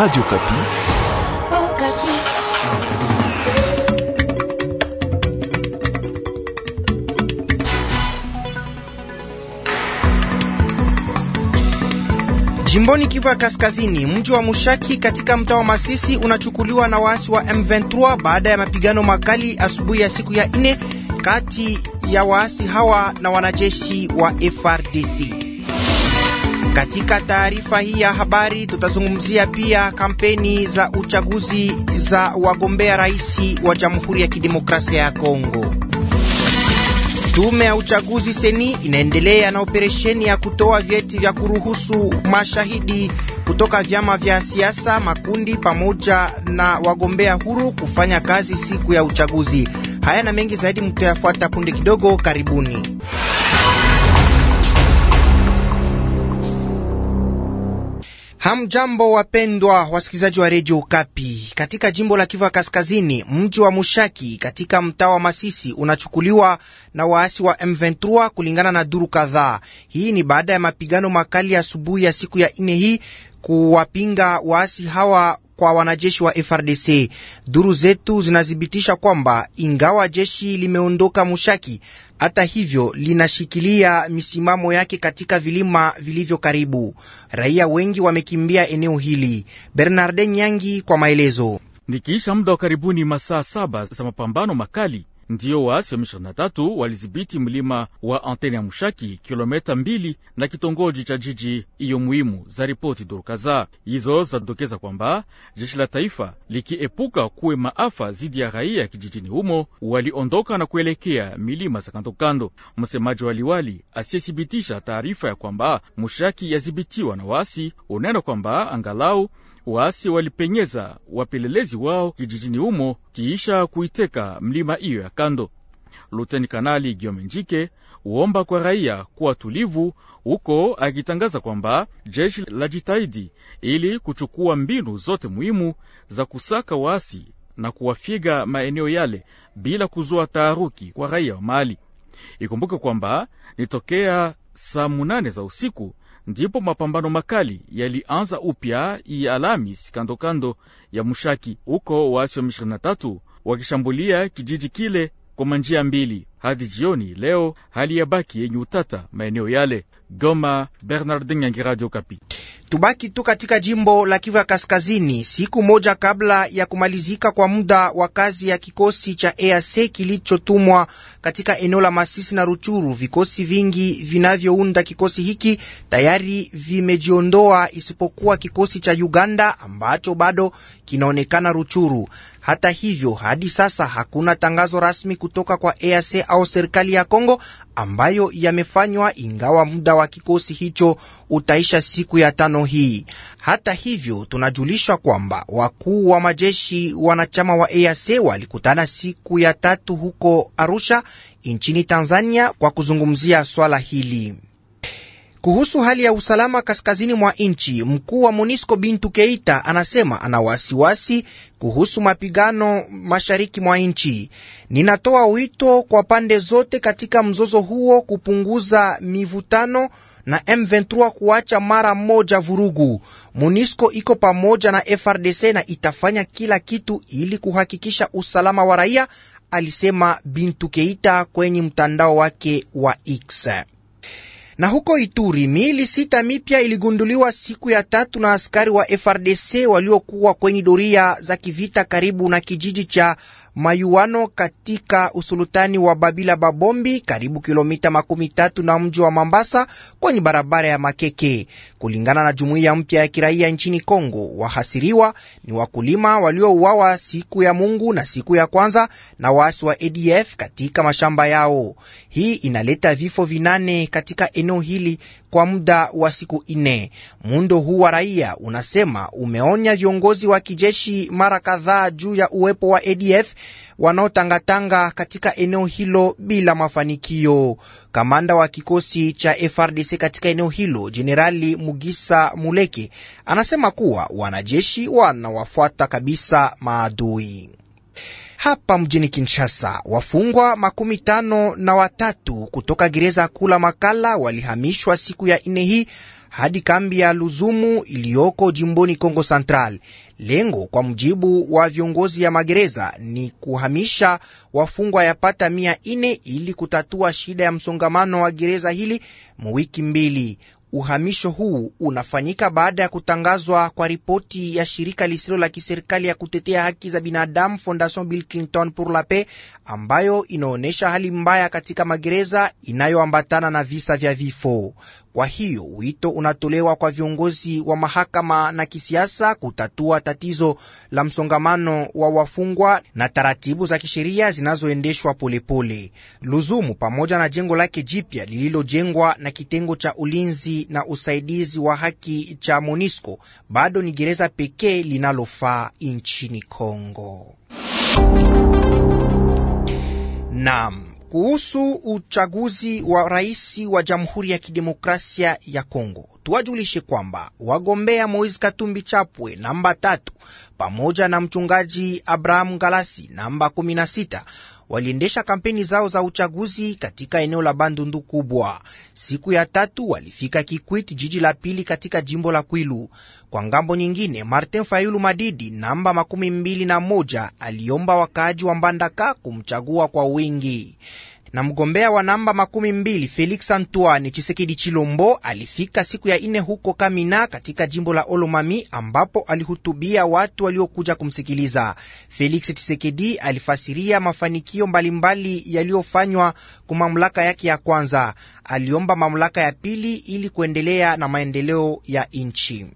Radio Kapi. Oh, Kapi. Jimboni Kivu ya Kaskazini, mji wa Mushaki katika mtaa wa Masisi unachukuliwa na waasi wa M23 baada ya mapigano makali asubuhi ya siku ya nne kati ya waasi hawa na wanajeshi wa frdc katika taarifa hii ya habari tutazungumzia pia kampeni za uchaguzi za wagombea rais wa Jamhuri ya Kidemokrasia ya Kongo. Tume ya uchaguzi seni inaendelea na operesheni ya kutoa vyeti vya kuruhusu mashahidi kutoka vyama vya siasa, makundi pamoja na wagombea huru kufanya kazi siku ya uchaguzi. Haya na mengi zaidi mtayafuata punde kidogo. Karibuni. Hamjambo, wapendwa wasikilizaji wa redio Ukapi. Katika jimbo la Kivu ya Kaskazini, mji wa Mushaki katika mtaa wa Masisi unachukuliwa na waasi wa M23 kulingana na duru kadhaa. Hii ni baada ya mapigano makali asubuhi ya siku ya nne hii kuwapinga waasi hawa kwa wanajeshi wa FRDC. Duru zetu zinathibitisha kwamba ingawa jeshi limeondoka Mushaki, hata hivyo linashikilia misimamo yake katika vilima vilivyo karibu. Raia wengi wamekimbia eneo hili. Bernarde Nyangi kwa maelezo. Nikiisha muda wa karibuni masaa saba za mapambano makali Ndiyo waasi wa M23 walidhibiti mlima wa antene ya Mushaki, kilometa mbili na kitongoji cha jiji iyo muhimu, za ripoti duru kadhaa. Hizo zadokeza kwamba jeshi la taifa likiepuka kuwe maafa zidi ya raia kijijini humo, waliondoka na kuelekea milima za kandokando. Msemaji wa liwali asiyethibitisha taarifa ya kwamba Mushaki yadhibitiwa na waasi unena kwamba angalau waasi walipenyeza wapelelezi wao kijijini humo kiisha kuiteka mlima hiyo ya kando. Luteni Kanali Giome Njike huomba kwa raia kuwa tulivu huko, akitangaza kwamba jeshi la jitahidi ili kuchukua mbinu zote muhimu za kusaka waasi na kuwafyiga maeneo yale bila kuzua taharuki kwa raia wa Mali. Ikumbuke kwamba nitokea saa munane za usiku ndipo mapambano makali yalianza upya iyi Alamis kandokando ya Mushaki, huko waasi wa M23 wakishambulia kijiji kile kwa manjia mbili hadi jioni leo, hali ya baki yenye utata maeneo yale. Goma, Bernardin Nyangi, Radio Kapi. Tubaki tu katika jimbo la Kivu ya Kaskazini, siku moja kabla ya kumalizika kwa muda wa kazi ya kikosi cha EAC kilichotumwa katika eneo la Masisi na Ruchuru. Vikosi vingi vinavyounda kikosi hiki tayari vimejiondoa, isipokuwa kikosi cha Uganda ambacho bado kinaonekana Ruchuru. Hata hivyo, hadi sasa hakuna tangazo rasmi kutoka kwa EAC au serikali ya Kongo ambayo yamefanywa, ingawa muda wa kikosi hicho utaisha siku ya tano hii. Hata hivyo, tunajulishwa kwamba wakuu wa majeshi wanachama wa EAC walikutana siku ya tatu huko Arusha nchini Tanzania kwa kuzungumzia swala hili. Kuhusu hali ya usalama kaskazini mwa nchi, mkuu wa MONUSCO Bintu Keita anasema ana wasiwasi kuhusu mapigano mashariki mwa nchi. Ninatoa wito kwa pande zote katika mzozo huo kupunguza mivutano na M23 kuacha mara moja vurugu. MONUSCO iko pamoja na FRDC na itafanya kila kitu ili kuhakikisha usalama wa raia, alisema Bintu Keita kwenye mtandao wake wa X. Na huko Ituri, miili sita mipya iligunduliwa siku ya tatu na askari wa FRDC waliokuwa kwenye doria za kivita karibu na kijiji cha Mayuano katika usulutani wa Babila Babombi, karibu kilomita makumi tatu na mji wa Mambasa, kwenye barabara ya Makeke. Kulingana na jumuiya mpya ya kiraia nchini Kongo, wahasiriwa ni wakulima waliouawa siku ya Mungu na siku ya kwanza na waasi wa ADF katika mashamba yao. Hii inaleta vifo vinane katika eneo hili kwa muda wa siku ine. Muundo huu wa raia unasema umeonya viongozi wa kijeshi mara kadhaa juu ya uwepo wa ADF wanaotangatanga katika eneo hilo bila mafanikio. Kamanda wa kikosi cha FRDC katika eneo hilo Jenerali Mugisa Muleke anasema kuwa wanajeshi wanawafuata kabisa maadui. Hapa mjini Kinshasa, wafungwa makumi tano na watatu kutoka gereza kuu la Makala walihamishwa siku ya nne hii hadi kambi ya Luzumu iliyoko jimboni Kongo Central. Lengo kwa mujibu wa viongozi ya magereza ni kuhamisha wafungwa yapata mia ine ili kutatua shida ya msongamano wa gereza hili mwiki mbili. Uhamisho huu unafanyika baada ya kutangazwa kwa ripoti ya shirika lisilo la kiserikali ya kutetea haki za binadamu Fondation Bill Clinton pour la Paix, ambayo inaonyesha hali mbaya katika magereza inayoambatana na visa vya vifo. Kwa hiyo wito unatolewa kwa viongozi wa mahakama na kisiasa kutatua tatizo la msongamano wa wafungwa na taratibu za kisheria zinazoendeshwa polepole. Luzumu pamoja na jengo lake jipya lililojengwa na kitengo cha ulinzi na usaidizi wa haki cha MONUSCO bado ni gereza pekee linalofaa nchini Kongo. Naam. Kuhusu uchaguzi wa rais wa Jamhuri ya Kidemokrasia ya Kongo, tuwajulishe kwamba wagombea Moise Katumbi Chapwe namba tatu pamoja na mchungaji Abrahamu Galasi namba 16 waliendesha kampeni zao za uchaguzi katika eneo la Bandundu kubwa. Siku ya tatu walifika Kikwit, jiji la pili katika jimbo la Kwilu. Kwa ngambo nyingine, Martin Fayulu Madidi namba makumi mbili na moja aliomba wakaaji wa Mbandaka kumchagua kwa wingi na mgombea wa namba makumi mbili Felix Antoine Chisekedi Chilombo alifika siku ya ine huko Kamina katika jimbo la Olomami ambapo alihutubia watu waliokuja kumsikiliza. Felix Chisekedi alifasiria mafanikio mbalimbali yaliyofanywa kwa mamlaka yake ya kwanza. Aliomba mamlaka ya pili ili kuendelea na maendeleo ya nchi.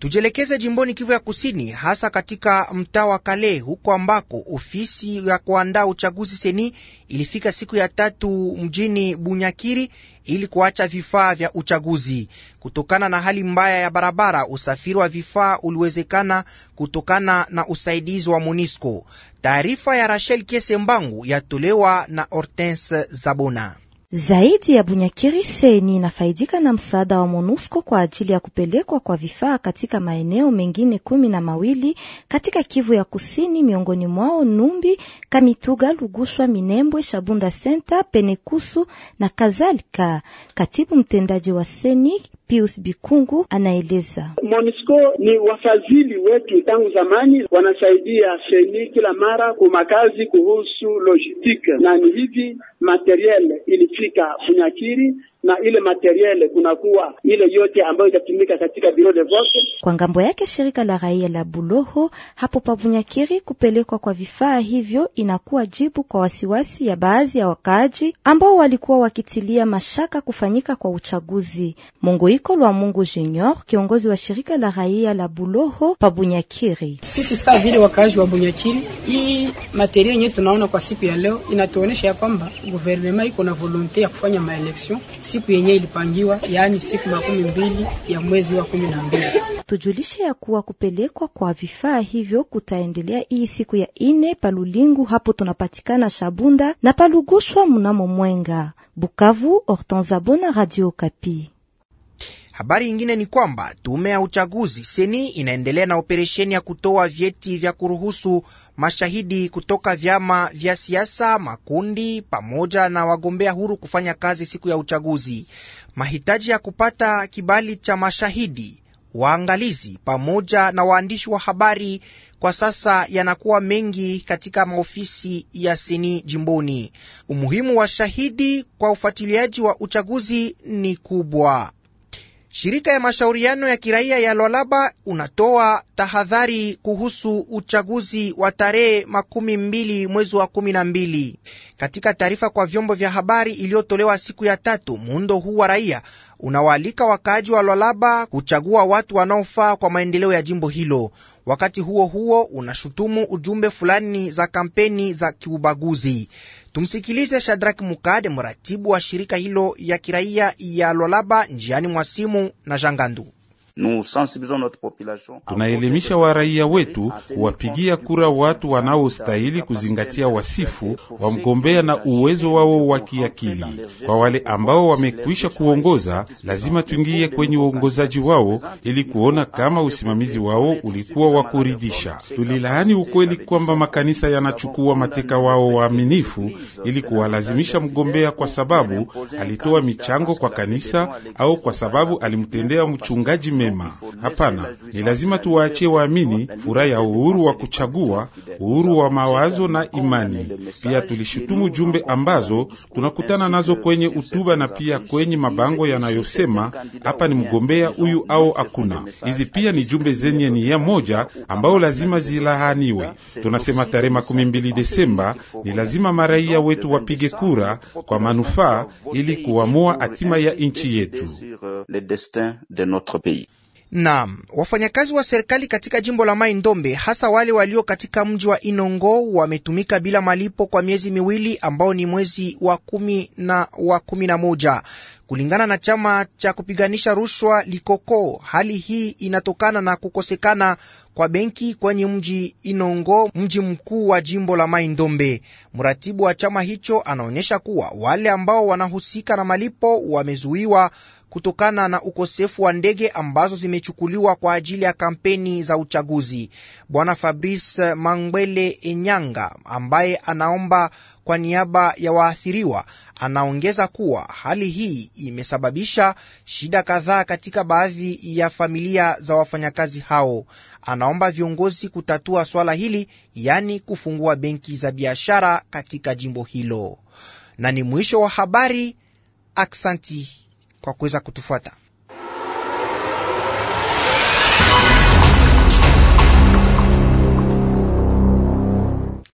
Tujielekeze jimboni Kivu ya Kusini, hasa katika mtaa wa Kale, huko ambako ofisi ya kuandaa uchaguzi seni ilifika siku ya tatu mjini Bunyakiri ili kuacha vifaa vya uchaguzi. Kutokana na hali mbaya ya barabara, usafiri wa vifaa uliwezekana kutokana na usaidizi wa MONUSCO. Taarifa ya Rachel Kiesembangu yatolewa na Hortense Zabona. Zaidi ya bunyakiri seni inafaidika na msaada wa MONUSCO kwa ajili ya kupelekwa kwa vifaa katika maeneo mengine kumi na mawili katika Kivu ya Kusini, miongoni mwao Numbi, Kamituga, Lugushwa, Minembwe, Shabunda Senta, Penekusu na kadhalika. Katibu mtendaji wa Seni Pius Bikungu anaeleza. MONUSCO ni wafadhili wetu tangu zamani, wanasaidia seni kila mara kwa makazi kuhusu logistike, na ni hivi materiel ilifika Bunyakiri na ile materiele kunakuwa ile yote ambayo itatumika katika biro de vote. Kwa ngambo yake shirika la raia la Buloho hapo Pavunyakiri, kupelekwa kwa vifaa hivyo inakuwa jibu kwa wasiwasi ya baadhi ya wakaaji ambao walikuwa wakitilia mashaka kufanyika kwa uchaguzi. mungu iko Lwa Mungu Junior, kiongozi wa shirika la raia la Buloho Pabunyakiri: sisi saa vile wakaaji wa Bunyakiri, hii materiele yenyewe tunaona kwa siku ya leo inatuonesha ya kwamba guvernema iko na volonte ya kufanya maeleksion siku yenyewe ilipangiwa, yaani siku makumi mbili ya mwezi wa kumi na mbili. Tujulishe ya kuwa kupelekwa kwa vifaa hivyo kutaendelea hii siku ya ine palulingu hapo tunapatikana Shabunda na palugushwa mnamo Mwenga, Bukavu. Hortense Abona, Radio Kapi. Habari nyingine ni kwamba tume ya uchaguzi seni inaendelea na operesheni ya kutoa vyeti vya kuruhusu mashahidi kutoka vyama vya siasa, makundi pamoja na wagombea huru kufanya kazi siku ya uchaguzi. Mahitaji ya kupata kibali cha mashahidi, waangalizi pamoja na waandishi wa habari kwa sasa yanakuwa mengi katika maofisi ya seni jimboni. Umuhimu wa shahidi kwa ufuatiliaji wa uchaguzi ni kubwa. Shirika ya mashauriano ya kiraia ya Lwalaba unatoa tahadhari kuhusu uchaguzi wa tarehe makumi mbili mwezi wa kumi na mbili. Katika taarifa kwa vyombo vya habari iliyotolewa siku ya tatu, muundo huu wa raia unawaalika wakaaji wa Lwalaba kuchagua watu wanaofaa kwa maendeleo ya jimbo hilo. Wakati huo huo, unashutumu ujumbe fulani za kampeni za kiubaguzi. Tumsikilize Shadrak Mukade, mratibu wa shirika hilo ya kiraia ya Lwalaba, njiani mwa simu na Jangandu. Tunaelimisha waraia wetu kuwapigia kura watu wanaostahili kuzingatia wasifu wa mgombea na uwezo wao wa kiakili. Kwa wale ambao wamekwisha kuongoza, lazima tuingie kwenye uongozaji wao ili kuona kama usimamizi wao ulikuwa wa kuridhisha. Tulilaani ukweli kwamba makanisa yanachukua mateka wao waaminifu ili kuwalazimisha mgombea kwa sababu alitoa michango kwa kanisa au kwa sababu alimtendea mchungaji mema mema. Hapana, ni lazima tuwaachie waamini furaha ya uhuru wa kuchagua, uhuru wa mawazo na imani. Pia tulishutumu jumbe ambazo tunakutana nazo kwenye utuba na pia kwenye mabango yanayosema hapa ni mgombea huyu au hakuna. Hizi pia ni jumbe zenye ni ya moja ambao lazima zilahaniwe. Tunasema tarehe makumi mbili Desemba ni lazima maraia wetu wapige kura kwa manufaa ili kuamua hatima ya nchi yetu. Naam, wafanyakazi wa serikali katika jimbo la Mai Ndombe, hasa wale walio katika mji wa Inongo, wametumika bila malipo kwa miezi miwili, ambao ni mwezi wa kumi na wa kumi na moja, kulingana na chama cha kupiganisha rushwa Likoko. Hali hii inatokana na kukosekana kwa benki kwenye mji Inongo, mji mkuu wa jimbo la Mai Ndombe. Mratibu wa chama hicho anaonyesha kuwa wale ambao wanahusika na malipo wamezuiwa kutokana na ukosefu wa ndege ambazo zimechukuliwa kwa ajili ya kampeni za uchaguzi. Bwana Fabrice Mangwele Enyanga, ambaye anaomba kwa niaba ya waathiriwa, anaongeza kuwa hali hii imesababisha shida kadhaa katika baadhi ya familia za wafanyakazi hao. Anaomba viongozi kutatua swala hili, yaani kufungua benki za biashara katika jimbo hilo. Na ni mwisho wa habari. Aksanti. kwa kuweza kutufuata.